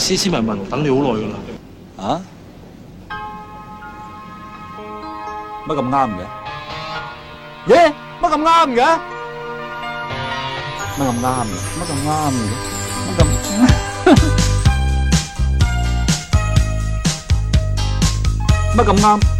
斯斯文文，等你好耐㗎喇，啊？乜咁啱嘅？耶？乜咁啱嘅？乜咁啱？乜咁啱嘅？乜咁？乜咁啱？